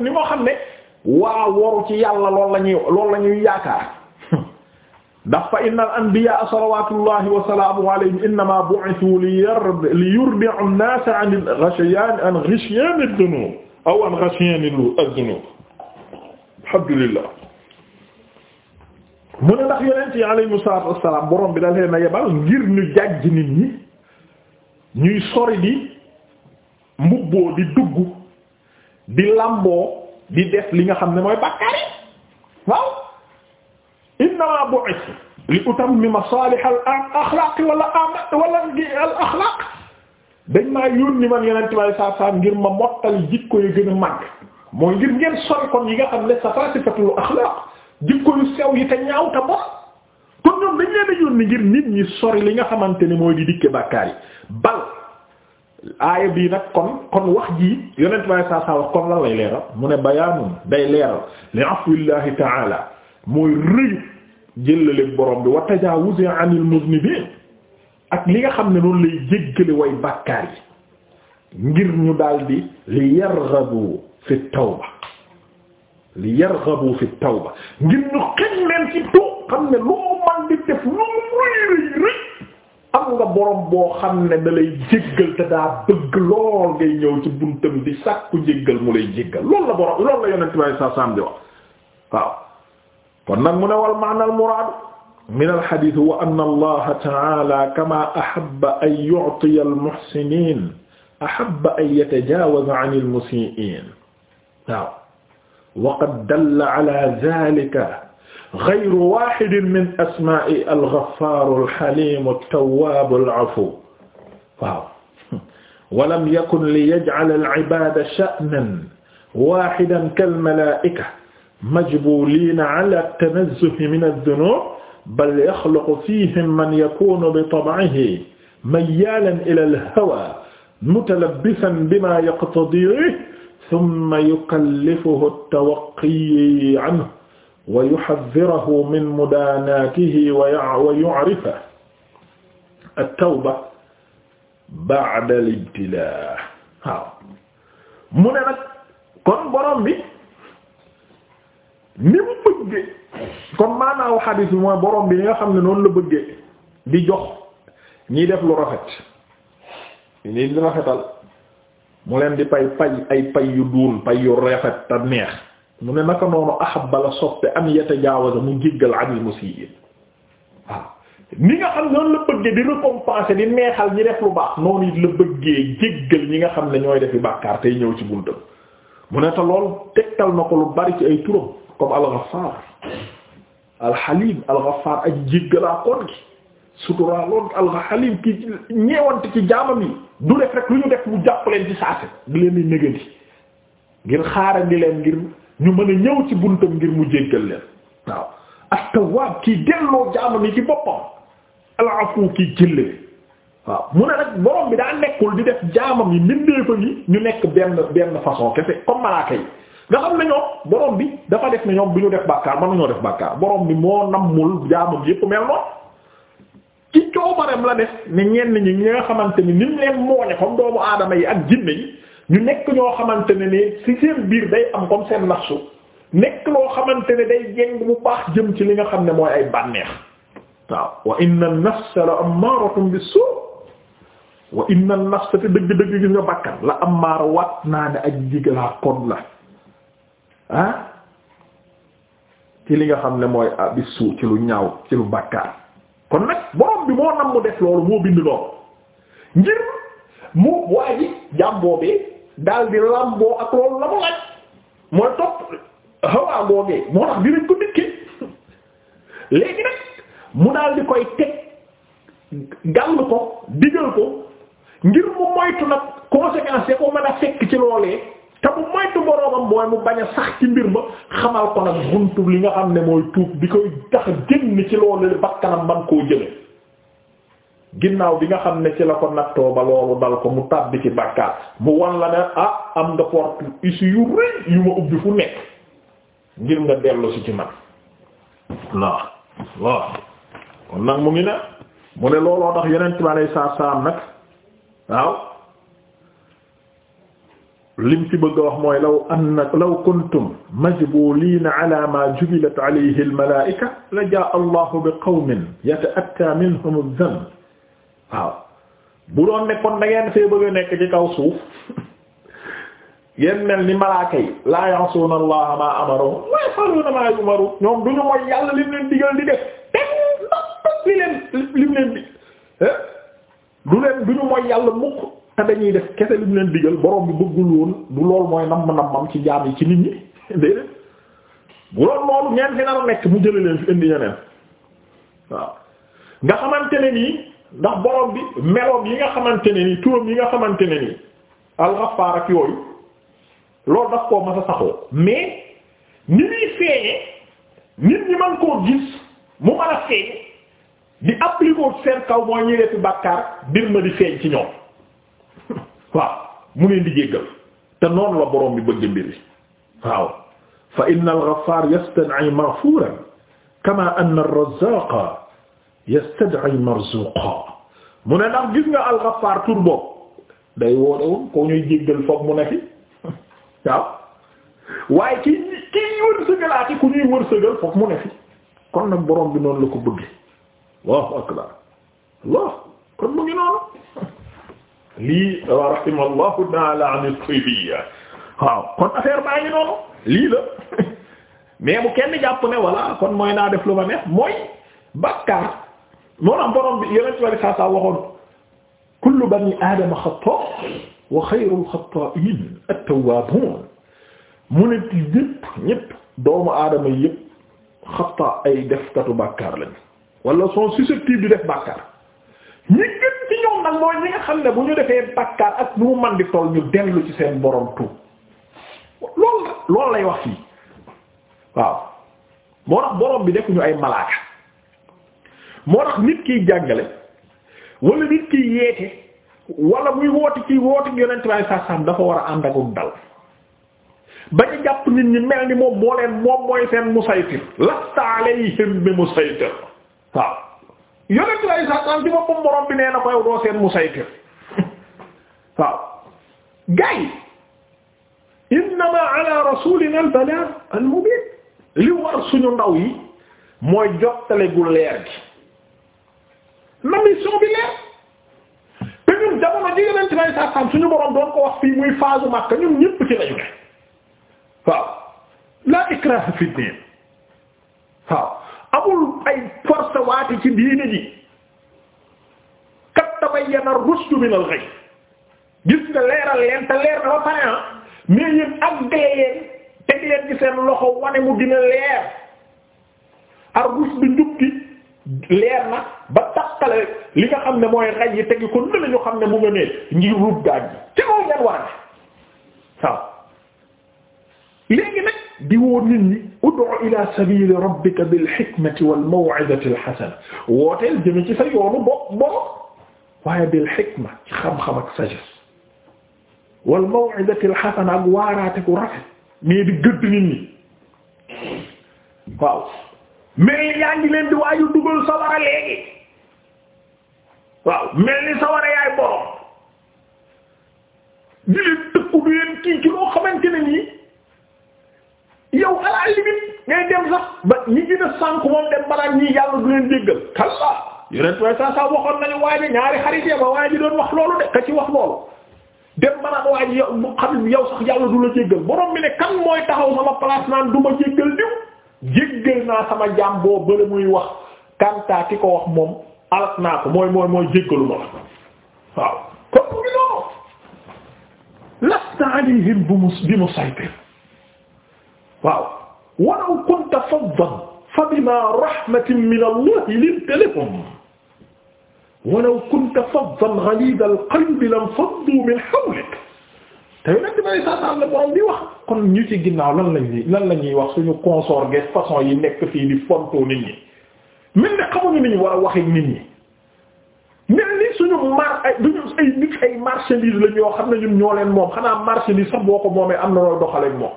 Speaker 1: ni moo xam ne waa waru ci yàlla lool la ñuy lool la ñuy yaakaar <laughs> ndax fa inna al anbiyaa salawatullahi wa salaamuhu alayhim innama li yurdi'u an-nasa an ghashyan an ghishyan ad-dunub an ghashyan ad alhamdulillah mu ne ndax yonent yi alayhimu salaatu wassalaam borom bi da leen a yebal ngir ñu jàjj nit ñi ñuy sori di mbubboo di dugg di làmboo di def li nga xam ne mooy bàkkaar yi waaw ma bu'ithtu li utammima saalihal axlaaq wala wala al axlaaq dañ maa yónni man yonent bi alayhi salaatu ngir ma mottali jikko yu gën a mooy ngir ngeen sori kon yi nga xam ne safasifatul axlaaq jikko yu sew yi te ñaaw te bon kon ñoom dañ leen a yónni ngir nit ñi sori li nga xamante ne mooy di dikke bàkkaar yi bal aaya bii nag kon kon wax jii yonent saa saa wax kon lan lay leeral mu ne bayaanun day leeral li afwillahi taala mooy rëyu jëlale borom bi wa tajaawuzi anil muznibiin ak li nga xam ne noonu lay jéggale way bàkkaar yi ngir ñu daldi li yarghabu fi tawba li yarghabu fi tawba ngir ñu xëj leen ci tuub xam ne loo man di def lu muy rëy am nga borom boo xam ne da lay jéggal te daa bëgg lool ngay ñëw ci buntam di sàkku jéggal mu lay jéggal loolu la borom loolu la yonent bi saa saam di wax waaw kon nag mu ne wal ma'na al muraad min al hadiis wa anna allaha ta'ala kama ahabba an yu'tiya al muhsiniin ahabba an yatajaawaza 'an al musii'iin waaw waqad dalla ala zalika ghayru wahidin min asma'i al-ghaffaru al-halimu at-tawwabu al-'afu waaw wa lam yakun liyaj'ala al-'ibada sha'nan wahidan kal-mala'ika majbulina 'ala at-tanazzuhi min adh-dhunub bal yaxluqu fiihim man yakuunu bi tab'ihi mayyaalan ila al-hawa mutalabbisan bimaa yaqtadiihi summa yukallifuhu at-tawaqqi anhu wa yuhadhdhiruhu min mudaanatihi wa yu'rifahu at-tawba ba'da al-ibtilaa waaw mu ne nag kon borom bi ni mu bëggee kon maanaaw xadiis bi mooy borom bi ni nga xam ne noonu la bëggee di jox ñiy def lu rafet ñi di rafetal. mu leen di pay pay ay pay yu duul pay yu rafet te neex mu ne naka noonu ahabba la soppe am yatajaawaza mu jéggal anil musii waaw ni nga xam noonu la bëggee di récompenser di neexal ñi def lu baax noonu it la bëggee jéggal ñi nga xam ne ñooy defi bàkkaar tey ñëw ci buntam mu ne te lool tegtal na ko lu bari ci ay turam comme al-Ghaffar al ak jéggalaa gi suturaaloon alxalim ki ñeewante ci jaamam yi du def rek lu ñu def mu jàpp leen ci saase di leen di négandi ngir xaarandi leen ngir ñu mën a ñëw ci buntam ngir mu jéggal leen waaw at-tawwaab kii delloo jaamam yi ci boppam al-afu kii jëlle waaw mu ne nag borom bi daa nekkul di def jaamam yi mbindeefam yi ñu nekk benn benn façon kese comme malaaka yi nga xam ne borom bi dafa def ne bu ñu def bàkkaar mën nañoo def bàkkaar borom bi moo nammul jaamam yépp mel coobareem la def ne ñenn ñi ñi nga xamante ni nim leen mooñe comme doomu aadama yi ak jinne yi ñu nekk ñoo xamante ne ni ci seen biir day am comme seen nafsu nekk loo xamante ne day jeng bu baax jëm ci li nga xam ne mooy ay bànneex waaw wa inna an-nafsa la dëgg-dëgg la ammaara wat naa ak jigalaa la ah ci xam ne mooy abis ah, ci lu ñaaw ci lu bàkkaar kon nag bi moo nam mu def loolu moo bind noonu ngir mu waa ji jàmboo bi daal di làmboo ak loolu la mu laaj mooy topp hawaa googee moo tax dinañ ko nit léegi nag mu daal di koy teg gàll ko digal ko ngir mu moytu nag conséquence ko mën a fekk ci loolee te mu moytu boroomam mooy mu bañ a sax ci mbir ma xamal ko nag buntu li nga xam ne mooy tuub bi koy tax génn ci loolu bakkanam man koo jële ginnaaw bi nga xam ne ci la ko nattoo ba loolu dal ko mu tàbbi ci bàkkaar mu wan la ne ah am nga porte issue yu rëy yu ma ubbi fu nekk ngir nga dellu si ci man waaw waaw nag mu ngi ne mu ne looloo tax yonent bi alayhi salaam nag waaw lim ci bëgg a wax mooy law anna law kuntum majbuliina ala ma jubilat alayhi al malaa'ika la jaa bi qawmin yata'attaa minhum adh waaw bu doon ne kon da ngeen fee bëgg a nekk ci kaw suuf ngeen mel ni malaaka yi laa ya'suuna allaha maa amarahum wa yaf'aluuna maa yu'maruun yàlla di def teg ndox li leen lim di eh? du leen duñu mooy yàlla mukk te dañuy def kese lim leen digal borom bi bëggul woon du lool mooy namm nammam ci jaam yi ci nit ñi <laughs> déedéet bu loolu ngeen fi nar a nekk mu jëlee leen fi indi ñeneen waaw nga xamante ne nii. ndax borom bi meloom yi nga xamante ni turoom yi nga xamante ne nii al-Ghaffar ak yooyu loolu daf koo mas a saxoo mais ni muy feeñe nit ñi man koo gis mu mën a feeñ di appliquer seen kaw mooy ñuy defi bàkkaar bir ma di feeñ ci ñoom <laughs> waaw mu neen di jéggal te noonu la borom bi bëgg mbir yi waaw fa inna al-Ghaffar yastan'i maghfuran kama anna ar yastad'i marzuqa mu ne ndax gis nga alxafaar tur boobu day woodewul ko ñuy jéggal foog mu ne fi <laughs> waaw waaye ki ki wërsëgalaati ku ñuy wërsëgal foog mu ne fi kon nag borom bi noonu la ko bëgge Allahu akbar Allah kon mu ngi noonu <laughs> lii rahimallahu ta'ala an at-tibiya waaw kon affaire baa ngi noonu lii la <laughs> mais bu kenn jàpp ne walla kon mooy naa def lu ma neex mooy bakkaar moo tax borom bi yeneen ci wàllu saa saa waxoon kullu bani aadama xataa wa xayrul xataa'iin at mu ne ñépp ñépp doomu aadama yëpp xataa ay defkatu bàkkaar lañu wala sont susceptibles di def bàkkaar ñi gën ci ñoom nag mooy ñi nga xam ne bu ñu defee bàkkaar ak mu man di toll ñu dellu ci seen borom tuub loolu la lay wax fii waaw moo tax borom bi defuñu ay malaaka moo tax nit kiy jàngale wala nit kiy yeete wala muy wooti ci wooti yonent bi dafa war a ànd ak dal bañ a jàpp nit ñi mel ni moom moo leen moom mooy seen musaytir lasta alayhim bi musaytir waaw yonent bi saa saam ci boppam borom bi nee na ko doo seen musaytir <laughs> waaw gay innama ala rasulina al balagh li war suñu ndaw yi mooy jottale gu leer gi na mission bi leer te ñun jamono ji yeneen ci may sàttam suñu borom doon ko wax fii muy phase Makka ñun ñëpp ci lañu ne waaw la ikraha fi din waaw amul ay force waati ci diine ji kat tabayyana ar-rushdu min al-ghayy gis nga leeral leen leer dafa pare ah mais yéen ak leen teg leen ci seen loxo wane mu dina leer ar-rushdu leer na li nga xam ne mooy raj yi tegi ko ni la xam ne mu nga ne ngir ruub gaaj bi ci loolu ngeen war a waaw léegi nag di woo nit ñi ud'u ila sabili rabbika bil hikmati wal maw'izati al hasana wooteel jëme yoonu bopp bopp waaye bil hikma ci xam-xam ak sagesse wal maw'izati al hasana ak waaraate ku rafet mais di gëdd nit ñi waaw mel ni yaa ngi leen di waaju dugal sawara léegi waaw mel ni sawara yaay borom di leen tëkku du leen kii ci loo xamante ne nii yaw à la limite ngay dem sax ba ñi gën a sànk moom dem balaa ñii yàlla du leen déggal kalla yeneen way sa sa waxoon nañu waaji ñaari xaritee ba waaji doon wax loolu de ka ci wax loolu dem ba naan waaji yow xam yow sax yàlla du la jéggal borom bi ne kan mooy taxaw sama place naan du ma jéggal diw jéggal naa sama jaam boo bële muy wax kantaa ki ko wax moom alak naa ko mooy mooy mooy jéggalu ma la waaw kon mu ngi noonu lasta alayhim bu mu bi musaytir waaw walaw kunta faddan fa bima rahmatin min allah linta lahum walaw kunta faddan ghalida alqalbi lam faddu min hawlik te yonent bi sallallahu alayhi la borom bi wax kon ñu ci ginnaaw lan lañ ñuy lan la ñuy wax suñu consort ge façon yi nekk fii di fontoo nit ñi mel ni xamuñu ni ñu war a waxee nit ñi mel ni suñu mar ay duñu ay nit ay marchandise lañ yoo xam ne ñun ñoo leen moom xanaa marchandise sax boo ko moomee am na loo doxalee moom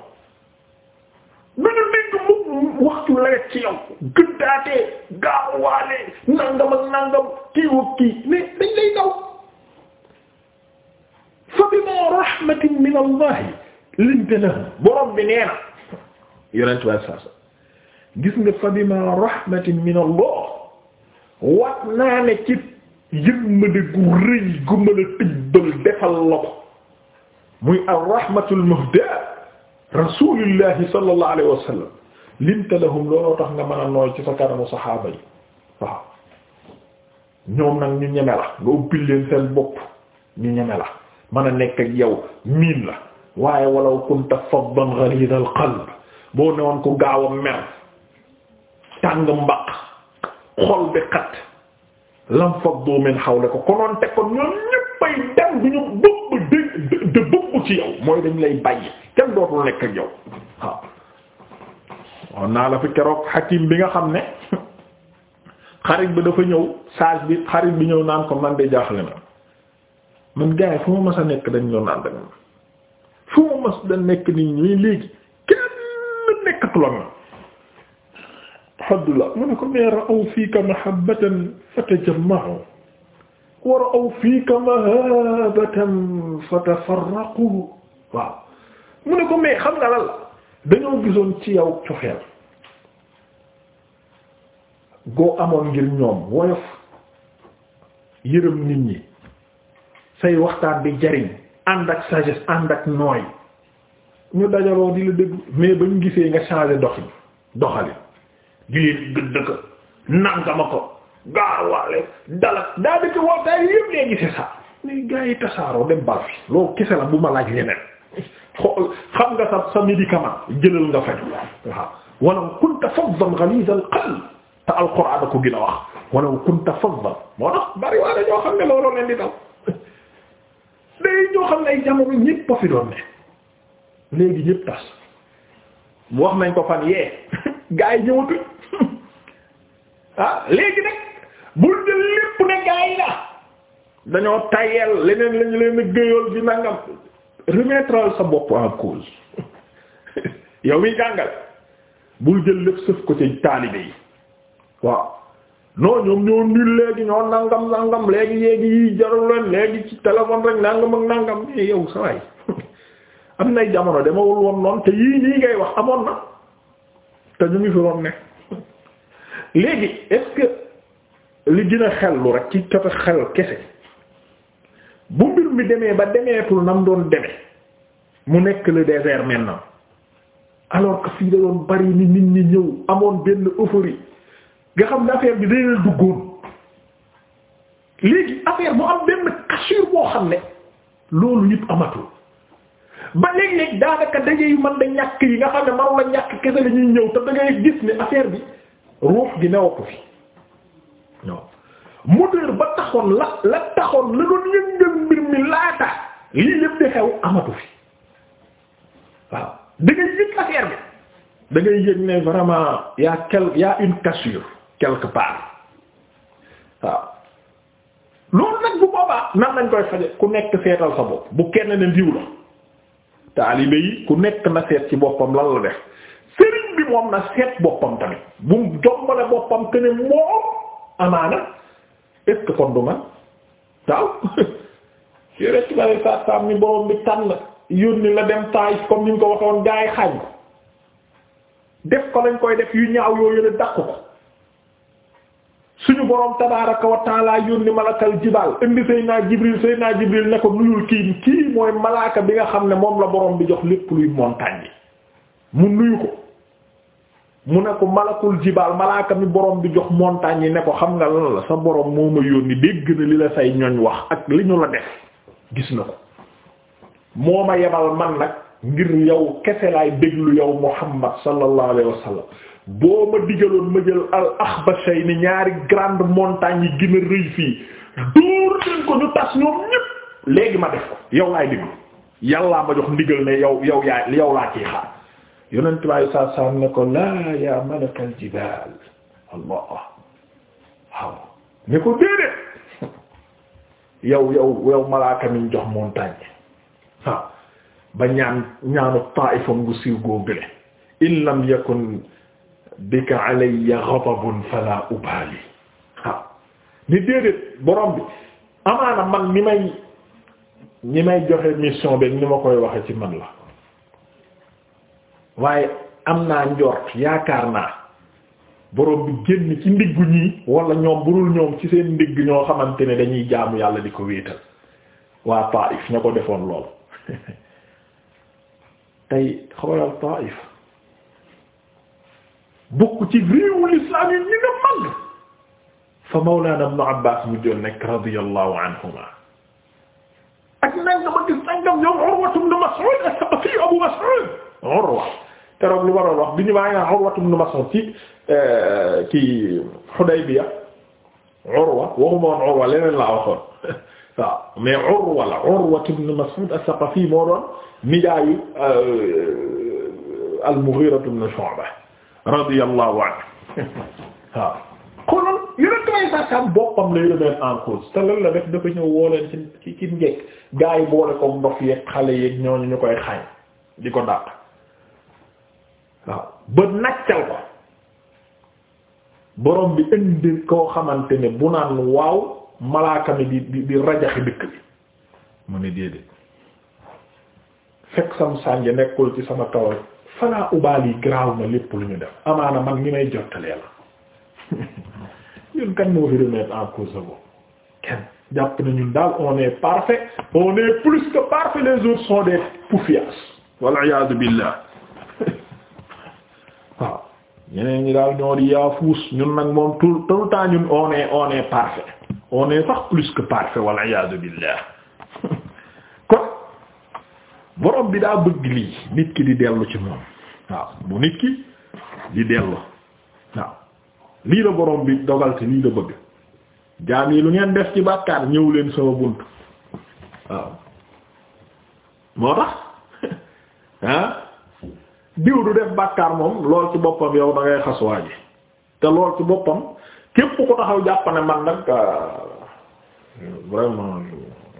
Speaker 1: duñu dégg mu waxtu lawet ci yow gëddaatee gaawaale nangam ak nangam kii kii mais dañ lay daw fa bimaa rahmatin min allah linta lahum borom bi nee na yonent bi saa saa gis nga fa bimaa rahmatin min allah wat naa ne ci yërmande gu rëy gu mën a tëbbal defal la ko muy ar-rahmatul muhdaa rasulillahi sallallahu alayhi wa sallam linta lahum looloo tax nga mën a nooy ci sa kanamu saxaaba yi waaw ñoom nag ñu ñeme la nga ubbil leen seen bopp ñu ñeme la mën a nekk ak yow miin la waaye walaw kunta faddan ghalid qalb boo newoon ko gaaw a mer tàng mbaq xol bi xat lam faddu min hawla ko konoon te ko ñoom ñëppay dem du ñu bëgg de ci yow mooy dañ lay bàyyi kenn dootul nekk ak yow waaw. naa la fi keroog hakim bi nga xam ne <laughs> xarit bi dafa ñëw sage bi xarit bi ñëw naan ko man de jaaxle na. man gars yi fu mas a nekk dañ doon ànd ak fu mas da nekk nii ñuy léegi kenn nekkatul ak man Abdullah mu ra'aw fiika mahabbatan fatajamma'u wa ra'aw fiika mahabatan fatafarraqu waaw mu ne ko mais xam nga lan dañoo gisoon ci yow coxeel goo amoon ngir ñoom woyof yërëm nit ñi say waxtaan bi jariñ ànd ak sagesse ànd ak nooy ñu dajaloo di la dégg mais ba ñu gisee nga changer doxi doxali jii gëdd ko nangama ko gaarwaale dalak daa dëkk waxtaan yëpp léegi c'est ça mais gars yi tasaaroo dem bal loolu kese la bu ma laaj leneen xool xam nga sa sa médicament jëlal nga faj waaw walaw kunta faddan ghaliz al te alquran ko gën a wax walaw kunta faddan moo tax bari waa dañoo xam ne looloo leen di dal day ñoo xam ne ay jamono ñépp a fi doon ne léegi ñépp tas mu wax nañ ko fan yee <laughs> gaa yi <laughs> ah léegi nag bul jël lépp ne gaa yi dañoo tayel leneen lañu leen a gëyool di nangam sa bopp en cause <laughs> yow mi jàngale bul jël lépp sëf ko ci taalibe yi waaw non ñoom ñoo nul léegi ñoo nangam nangam léegi yéegi yi jarul leen léegi ci téléphone rek nangam ak nangam mais eh, yow sa waay <laughs> am nay jamono demawul woon noonu te yii nii ngay wax amoon na te ñu ngi fi doon ne <laughs> léegi est que li gën a xellu rek ci côté xel kese bu mbir mi demee ba demeetul nam doon demee mu nekk le désert maintenant alors que fii da doon bari ni nit ñi ñëw amoon benn euphorie nga xam ne affaire bi day leen duggoon léegi affaire bu am benn cassure boo xam ne loolu yëpp amatu ba léeg-léeg daanaka daje yu mën da ñàkk yi nga xam ne manu la ñàkk kese la ñëw te da ngay gis ne affaire bi ruux gi newatu fi non ba taxoon la la taxoon la doon yëngal mbir mi laata lii yëpp di xew amatu fi waaw da yëg affaire bi da yëg ne vraiment y'a quel y'a une cassure quelque part waaw loolu nag bu boobaa nan lañ koy faje ku nekk seetal sa bopp bu kenn ne ndiw la taalibe yi ku nekk na seet ci boppam lan la def sëriñ bi moom na seet boppam tamit bu jombale boppam que ne moom amaana est-ce que kon du man taaw <laughs> yore ci bari saa saa mi borom tànn yónni la dem taay comme ni ñu ko waxoon gaay xaaj ko def ko lañ koy def yu ñaaw yooyu la dàq ko suñu borom tabaaraka wa taala yónni malakal jibaal indi Seydina Jibril Seydina Jibril ne ko nuyul kii kii mooy malaaka bi nga xam ne moom la borom bi jox lépp luy montagne mu nuyu ko mu ne ko malakul jibaal malaaka mi borom bi jox montagne yi ne ko xam nga lan la sa borom moo ma yónni dégg na li la say ñoñ wax ak li ñu la def gis na ko moo ma yebal man nag ngir yow kese laay déglu yow Muhammad sallallahu alayhi wa sallam boo ma digaloon ma jël al axbashay ni ñaari grande montagne yi gën a fii dóor leen ko ñu tas ñoom ñépp léegi ma def ko yow laay diglu yàllaa ma jox ndigal ne yow yow yaa yow laa ciy xaar yow yow yow jox montagne waaw ba ñaanu taifam gu siiw goo gële in lam bika alayya ghadabun fala ubali waaw ni déedéet borom bi amaana man ni may ni may joxe mission bi ni ma koy waxee ci man la waaye am naa njort yaakaar naa borom bi génn ci ndiggu ñii wala ñoom burul ñoom ci seen ndigg ñoo xamante ne dañuy jaamu yàlla di ko wéetal waa Taif ña ko defoon lool <laughs> tey xoolal Taif bokk ci réewu l'islam yi ñu nga mag fa mawlana ibn abbas mu jël nekk radiyallahu anhuma ak nangam ak sangam ñoom urwatu ibn mas'ud as-saqafi abu mas'ud urwa keroog lu waroon wax bi ñu bàyyi naa urwatu ibn mas'ud ci eh, ci hudaybiya urwa waxuma woon urwa leneen laa waxoon <laughs> waaw mais urwa la urwatu ibn mas'ud as-saqafi moo doon nijaayu eh, al-mughira ibn shu'ba radiyallahu anhu <laughs> waaw konoon yeneen trois cent quatre boppam lay remettre en cause te lan dafa ñëw woo leen ci ci ci njëkk gaa yi boole ko ndof yeeg xale yeeg ñooñu ñu koy xañ di ko dàq waaw ba naccal ko borom bi indi koo xamante ne bu naan waaw malaaka mi di di rajaxi dëkk bi mu ne déedéet fekk sam sànje nekkul ci sama kaw fanaa ubaal yi garaaw na lépp lu ñu def amaana man ñi may jottalee la <laughs> ñun kan moo fi remettre en cause bo kenn jàpp na ñun daal on parfait on plus que parfait les autres sont des poufias wal iyaadu billah <laughs> waaw ñeneen ñi daal ñoo di yaa ñun nag moom tout tout temps ñun on parfait on sax plus que parfait wal iyaadu billah <laughs> kon borom bi daa bëgg lii nit ki di dellu ci moom waaw bu nit ki di dellu waaw lii la borom bi dogal te lii la bëgg jaam yi lu ngeen def ci bàkkaar ñëw leen sama bunt waaw moo tax <laughs> ah diw du def bàkkaar moom lool ci boppam yow da xas waa ji te lool ci boppam képp ko taxaw jàpp ne man nag ah, vraiment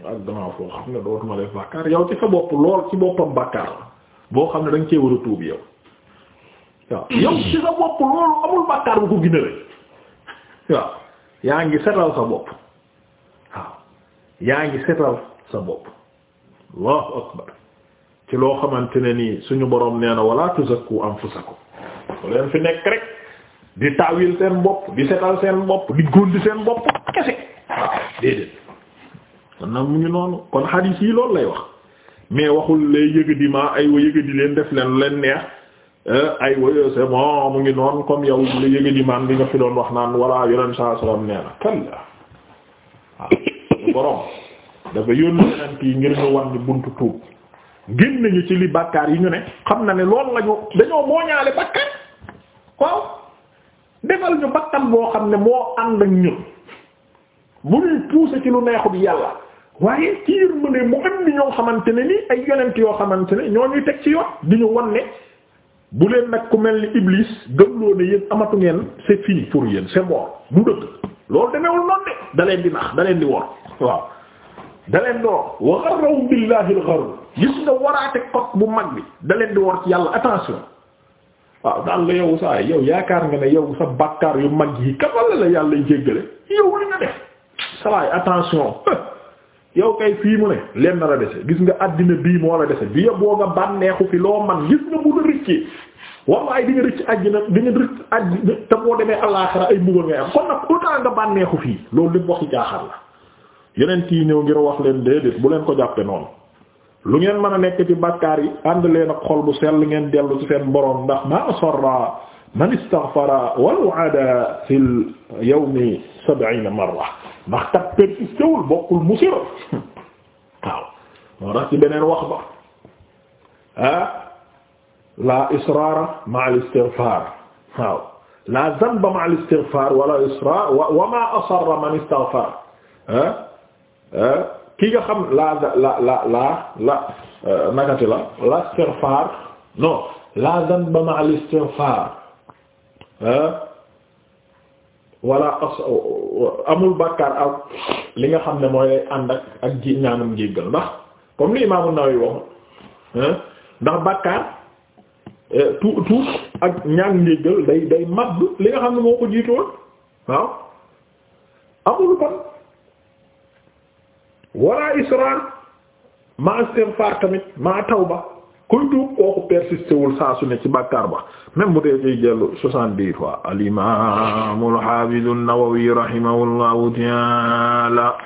Speaker 1: ak damaa foo xam ne dootuma def bàkkaar yow ci sa bopp lool ci boppam bàkkaar la boo xam ne da nga cee war tuub yow waaw yow ci sa bopp loolu amul bàkkaar bu ko ginale waaw yaa ngi setal sa bopp waaw yaa ngi setal sa bopp allahu akbar ci loo xamante ne nii suñu boroom nee na wala tuzakku anfusakum bu leen fi nekk rek di taawil seen bopp di setal seen bopp di góndi seen bopp kese déedéet kon nag mu ngi noonu kon xadiis yi loolu lay wax mais waxul lay yëgadi maa ay wa yëgadi leen def leen leen neex Eh, ay woyo c'est mu ngi noonu comme yow la yëga ji bi nga fi doon wax naan walla yonent saa sallam nee na kalla waaw borom dafa yónni yonent yi ngir ñu wan ni buntu tuub génn nañu ci li bàkkaar yi ñu ne xam na ne loolu lañu dañoo moo ñaale bàkkaar defal ñu bakkan boo xam ne moo ànd ak ñun bu ñuy pousser ci lu neexut yàlla waaye ci yërmande mu indi ñoo xamante ne ni ay yonent yoo xamante ne ñoo ñuy teg ci yoon di ñu wan ne bu leen nag ku mel ni iblis gëmloo ne yéen amatu ngeen c'est fini pour yéen c'est mort mu dëgg loolu demeewul noonu de da leen di nax da leen di wor waaw da leen di wor wa gharrahum billahi al-gharr gis nga waraate kot bu mag bi da leen di wor ci yàlla attention waaw daal la yow saa yow yaakaar nga ne yow sa bakkaar yu mag yi kamal la yàlla jéggale yow li nga def sawaay attention yow kay fii mu ne leen na la dese gis nga àddina bii moo la dese bi yëpp boo nga rëccee wallaay di nga rëcc àjjana di nga rëcc àjjana te boo demee àllaaxira ay mbugal ngay am kon nag autant nga bànneexu fii loolu lépp waxi jaaxal la yeneen kii ñëw ngir wax leen déedéet bu leen ko jàppee noonu lu ngeen mën a nekk di bakkaar yi ànd leen ak xol bu sell ngeen dellu ci seen boroom ndax ma asarra man istaghfara walwada fil yawmi sab'ina marra ndax kat persisté wul bokkul <laughs> ci beneen wax ba ah? la israara ma al istighfar waaw la zanba ma al istighfar wala israr wa ma asarra man istaghfar ki nga xam la la la la la euh, la la istighfar non la zanba ma al istighfar wala amul bàkkaar ak li nga xam ne mooy lay ànd ak ak ji ñaanum jéggal ndax comme li Imam An-Nawawi wax ndax bàkkaar tuut tuut ak ñaag njéggal day day màbb li nga moo ko jiitoon waaw amul kon walla israel ma istighfar tamit ma tawba kuy kooku persisté saa su ne ci bàkkaar ba même bu dee soixante-dix fois al imaam al haafiz an-Nawawi rahimahullahu ta'ala